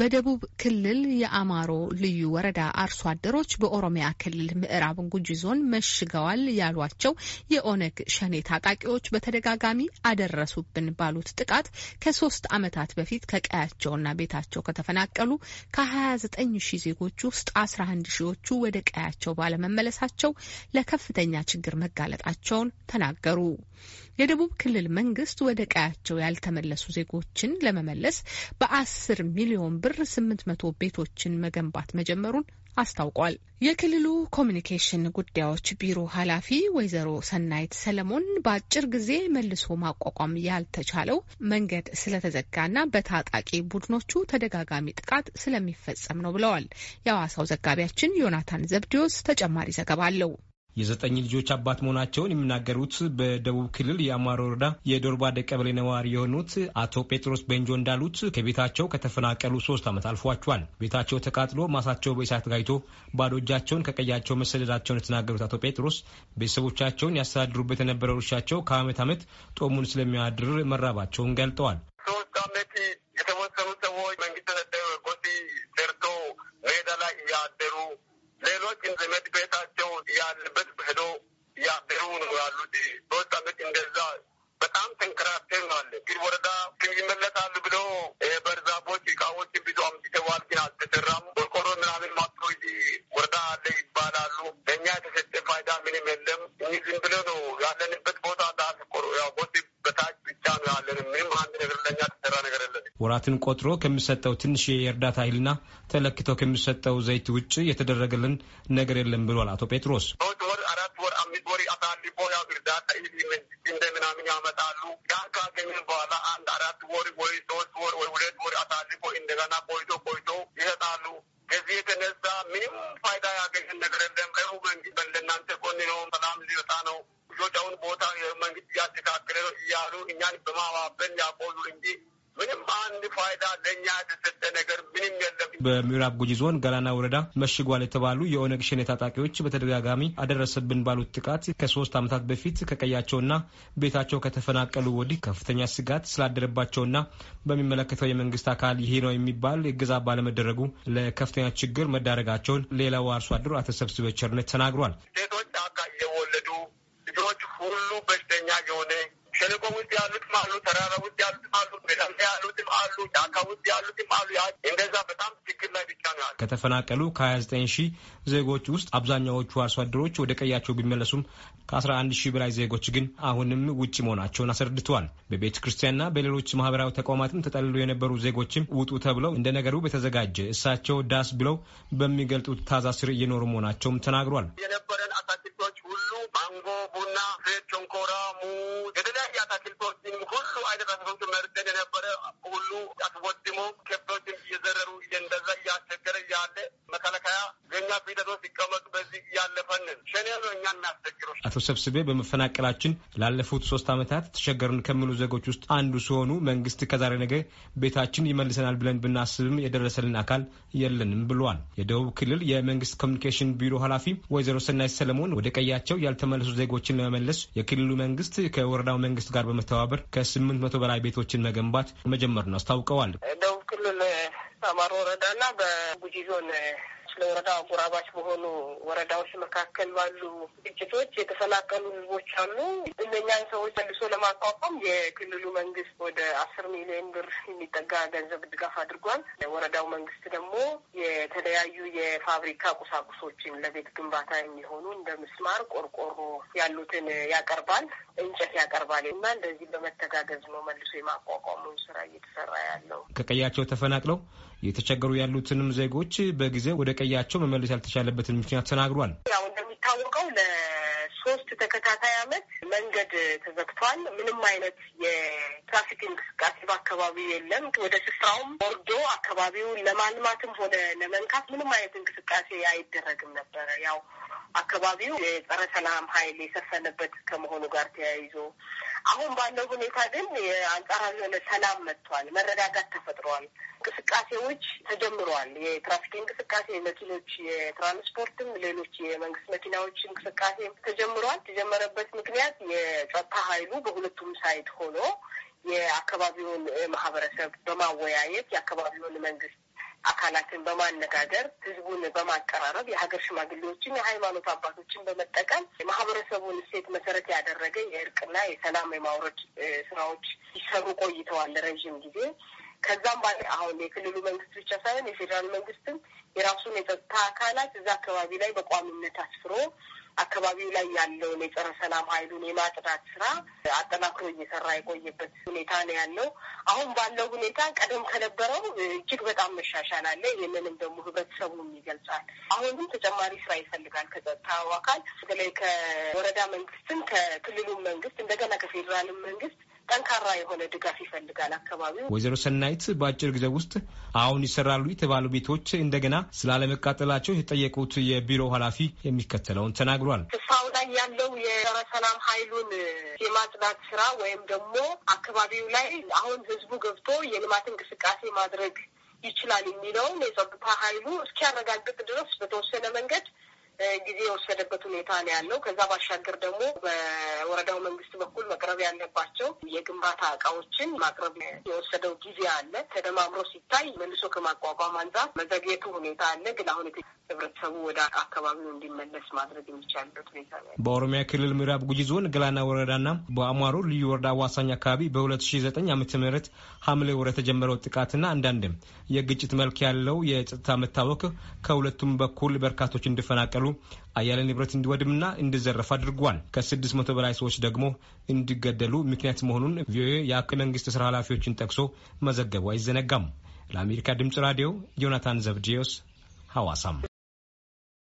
በደቡብ ክልል የአማሮ ልዩ ወረዳ አርሶ አደሮች በኦሮሚያ ክልል ምዕራብ ጉጂ ዞን መሽገዋል ያሏቸው የኦነግ ሸኔ ታጣቂዎች በተደጋጋሚ አደረሱብን ባሉት ጥቃት ከሶስት ዓመታት በፊት ከቀያቸውና ቤታቸው ከተፈናቀሉ ከ29 ሺ ዜጎች ውስጥ 11 ሺዎቹ ወደ ቀያቸው ባለመመለሳቸው ለከፍተኛ ችግር መጋለጣቸውን ተናገሩ። የደቡብ ክልል መንግስት ወደ ቀያቸው ያልተመለሱ ዜጎችን ለመመለስ በአስር ሚሊዮን ብር ብር 800 ቤቶችን መገንባት መጀመሩን አስታውቋል። የክልሉ ኮሚኒኬሽን ጉዳዮች ቢሮ ኃላፊ ወይዘሮ ሰናይት ሰለሞን በአጭር ጊዜ መልሶ ማቋቋም ያልተቻለው መንገድ ስለተዘጋና በታጣቂ ቡድኖቹ ተደጋጋሚ ጥቃት ስለሚፈጸም ነው ብለዋል። የሐዋሳው ዘጋቢያችን ዮናታን ዘብዲዮስ ተጨማሪ ዘገባ አለው። የዘጠኝ ልጆች አባት መሆናቸውን የሚናገሩት በደቡብ ክልል የአማሮ ወረዳ የዶርባደ ቀበሌ ነዋሪ የሆኑት አቶ ጴጥሮስ በንጆ እንዳሉት ከቤታቸው ከተፈናቀሉ ሶስት ዓመት አልፏቸዋል። ቤታቸው ተቃጥሎ ማሳቸው በእሳት ጋይቶ ባዶ እጃቸውን ከቀያቸው መሰደዳቸውን የተናገሩት አቶ ጴጥሮስ ቤተሰቦቻቸውን ያስተዳድሩበት የነበረው እርሻቸው ከአመት አመት ጦሙን ስለሚያድር መራባቸውን ገልጠዋል። ሰዎች መንግስት ሰርቶ ሜዳ ላይ እያደሩ ሌሎች ዘመድ ቤታ እየተንከራተን ነው አለ ግን ወረዳ ይመለሳሉ ብለው በርዛቦች እቃዎች ብዙ አምጥተዋል፣ ግን አልተሰራም። ቆርቆሮ ምናምን ማጥሮ ወረዳ አለ ይባላሉ። ለእኛ የተሰጠ ፋይዳ ምንም የለም። እኒ ዝም ብሎ ነው ያለንበት ቦታ ዳቆሮያቦች በታች ብቻ ነው ያለን። ምንም አንድ ነገር ለእኛ ተሰራ ነገር የለን። ወራትን ቆጥሮ ከሚሰጠው ትንሽ የእርዳታ እህልና ተለክተው ከሚሰጠው ዘይት ውጭ የተደረገልን ነገር የለም ብሏል አቶ ጴጥሮስ። ጎሪ አሳልፎ ያው እርዳታ ይህን እንደ ምናምን ያመጣሉ። ያን ካገኘን በኋላ አንድ አራት ወር ወይ ሶስት ወር ወይ ሁለት ወር አሳልፎ እንደገና ቆይቶ ቆይቶ ይሰጣሉ። ከዚህ የተነሳ ምንም ፋይዳ ያገኝ ነገር የለም። ሩ መንግስት በእንደናንተ ጎን ነው፣ ሰላም ሊወጣ ነው ልጆቻውን ቦታ መንግስት እያስተካከለ ነው እያሉ እኛን በማባበን ያቆዙ እንጂ ምንም አንድ ፋይዳ ለእኛ ተሰ በምዕራብ ጉጂ ዞን ገላና ወረዳ መሽጓል የተባሉ የኦነግ ሸኔ ታጣቂዎች በተደጋጋሚ አደረሰብን ባሉት ጥቃት ከሶስት ዓመታት በፊት ከቀያቸውና ቤታቸው ከተፈናቀሉ ወዲህ ከፍተኛ ስጋት ስላደረባቸውና በሚመለከተው የመንግስት አካል ይሄ ነው የሚባል እገዛ ባለመደረጉ ለከፍተኛ ችግር መዳረጋቸውን ሌላው አርሶ አደሩ አቶ ቸርነት ተናግሯል። ሸለቆ ውስጥ ያሉትም አሉ፣ ተራራ ውስጥ ያሉትም አሉ፣ በጣም ያሉትም አሉ፣ ጫካ ውስጥ ያሉትም አሉ። እንደዛ በጣም ችግር ላይ ብቻ ነው ከተፈናቀሉ ከ29 ሺህ ዜጎች ውስጥ አብዛኛዎቹ አርሶ አደሮች ወደ ቀያቸው ቢመለሱም ከ11 ሺህ በላይ ዜጎች ግን አሁንም ውጭ መሆናቸውን አስረድተዋል። በቤተ ክርስቲያንና በሌሎች ማህበራዊ ተቋማትም ተጠልሎ የነበሩ ዜጎችም ውጡ ተብለው እንደ ነገሩ በተዘጋጀ እሳቸው ዳስ ብለው በሚገልጡት ታዛ ስር እየኖሩ መሆናቸውም ተናግሯል። የነበረን አታክልቶች ሁሉ ማንጎ፣ ቡና፣ ፍሬድ፣ ቸንኮራ፣ ሙዝ፣ የተለያየ አትክልቶችን ሁሉ አይነት አትክልቶች መርጠን የነበረ ሁሉ አስወድሞ ከብቶችን እየዘረሩ እንደዛ እያስቸገረ እያለ መከላከያ ገኛ ፊደሮች ሲቀ አቶ ሰብስቤ በመፈናቀላችን ላለፉት ሶስት ዓመታት ተቸገርን ከሚሉ ዜጎች ውስጥ አንዱ ሲሆኑ መንግስት ከዛሬ ነገ ቤታችን ይመልሰናል ብለን ብናስብም የደረሰልን አካል የለንም ብሏል። የደቡብ ክልል የመንግስት ኮሚኒኬሽን ቢሮ ኃላፊ ወይዘሮ ሰናይ ሰለሞን ወደ ቀያቸው ያልተመለሱ ዜጎችን ለመመለስ የክልሉ መንግስት ከወረዳው መንግስት ጋር በመተባበር ከስምንት መቶ በላይ ቤቶችን መገንባት መጀመሩን አስታውቀዋል። ደቡብ ክልል አማሮ ወረዳና በጉጂ ዞን ለወረዳ አጎራባች በሆኑ ወረዳዎች መካከል ባሉ ግጭቶች የተፈናቀሉ ህዝቦች አሉ። እነኛን ሰዎች መልሶ ለማቋቋም የክልሉ መንግስት ወደ አስር ሚሊዮን ብር የሚጠጋ ገንዘብ ድጋፍ አድርጓል። ወረዳው መንግስት ደግሞ የተለያዩ የፋብሪካ ቁሳቁሶችን ለቤት ግንባታ የሚሆኑ እንደ ምስማር፣ ቆርቆሮ ያሉትን ያቀርባል፣ እንጨት ያቀርባል እና እንደዚህ በመተጋገዝ ነው መልሶ የማቋቋሙን ስራ እየተሰራ ያለው። ከቀያቸው ተፈናቅለው የተቸገሩ ያሉትንም ዜጎች በጊዜ ወደ ቀያቸው መመለስ ያልተቻለበትን ምክንያት ተናግሯል። ያው እንደሚታወቀው ለሶስት ተከታታይ ዓመት መንገድ ተዘግቷል። ምንም አይነት የትራፊክ እንቅስቃሴ በአካባቢው የለም። ወደ ስፍራውም ወርዶ አካባቢውን ለማልማትም ሆነ ለመንካት ምንም አይነት እንቅስቃሴ አይደረግም ነበረ ያው አካባቢው የጸረ ሰላም ኃይል የሰፈነበት ከመሆኑ ጋር ተያይዞ አሁን ባለው ሁኔታ ግን የአንጻራዊ የሆነ ሰላም መጥቷል፣ መረጋጋት ተፈጥሯል። እንቅስቃሴዎች ተጀምረዋል። የትራፊክ እንቅስቃሴ መኪኖች፣ የትራንስፖርትም ሌሎች የመንግስት መኪናዎች እንቅስቃሴ ተጀምረዋል። የተጀመረበት ምክንያት የጸጥታ ኃይሉ በሁለቱም ሳይት ሆኖ የአካባቢውን ማህበረሰብ በማወያየት የአካባቢውን መንግስት አካላትን በማነጋገር ህዝቡን በማቀራረብ የሀገር ሽማግሌዎችን የሃይማኖት አባቶችን በመጠቀም የማህበረሰቡን እሴት መሰረት ያደረገ የእርቅና የሰላም የማውረድ ስራዎች ሲሰሩ ቆይተዋል ለረዥም ጊዜ። ከዛም ባ አሁን የክልሉ መንግስት ብቻ ሳይሆን የፌዴራል መንግስትም የራሱን የጸጥታ አካላት እዛ አካባቢ ላይ በቋሚነት አስፍሮ አካባቢው ላይ ያለውን የጸረ ሰላም ኃይሉን የማጽዳት ስራ አጠናክሮ እየሰራ የቆየበት ሁኔታ ነው ያለው። አሁን ባለው ሁኔታ ቀደም ከነበረው እጅግ በጣም መሻሻል አለ። ይህንንም ደግሞ ህብረተሰቡም ይገልጻል። አሁንም ተጨማሪ ስራ ይፈልጋል ከጸጥታው አካል በተለይ ከወረዳ መንግስትም ከክልሉ መንግስት እንደገና ከፌዴራልም መንግስት ጠንካራ የሆነ ድጋፍ ይፈልጋል አካባቢው። ወይዘሮ ሰናይት በአጭር ጊዜ ውስጥ አሁን ይሰራሉ የተባሉ ቤቶች እንደገና ስላለመቃጠላቸው የተጠየቁት የቢሮ ኃላፊ የሚከተለውን ተናግሯል። ስፍራው ላይ ያለው የረ ሰላም ኃይሉን የማጽዳት ስራ ወይም ደግሞ አካባቢው ላይ አሁን ህዝቡ ገብቶ የልማት እንቅስቃሴ ማድረግ ይችላል የሚለውን የጸጥታ ኃይሉ እስኪያረጋግጥ ድረስ በተወሰነ መንገድ ጊዜ የወሰደበት ሁኔታ ነው ያለው። ከዛ ባሻገር ደግሞ በወረዳው መንግስት በኩል መቅረብ ያለባቸው የግንባታ እቃዎችን ማቅረብ የወሰደው ጊዜ አለ። ተደማምሮ ሲታይ መልሶ ከማቋቋም አንጻር መዘግየቱ ሁኔታ አለ። ግን አሁን ህብረተሰቡ ወደ አካባቢው እንዲመለስ ማድረግ የሚቻልበት ሁኔታ ነው። በኦሮሚያ ክልል ምዕራብ ጉጂ ዞን ገላና ወረዳና በአማሮ ልዩ ወረዳ ዋሳኝ አካባቢ በ2009 ዓ ም ሐምሌ ወር የተጀመረው ጥቃትና አንዳንድም የግጭት መልክ ያለው የጸጥታ መታወክ ከሁለቱም በኩል በርካቶች እንዲፈናቀሉ አያሌ ንብረት እንዲወድምና እንዲዘረፍ አድርጓል። ከስድስት መቶ በላይ ሰዎች ደግሞ እንዲገደሉ ምክንያት መሆኑን ቪኦኤ መንግስት ስራ ኃላፊዎችን ጠቅሶ መዘገቡ አይዘነጋም። ለአሜሪካ ድምጽ ራዲዮ ዮናታን ዘብዲዮስ ሐዋሳም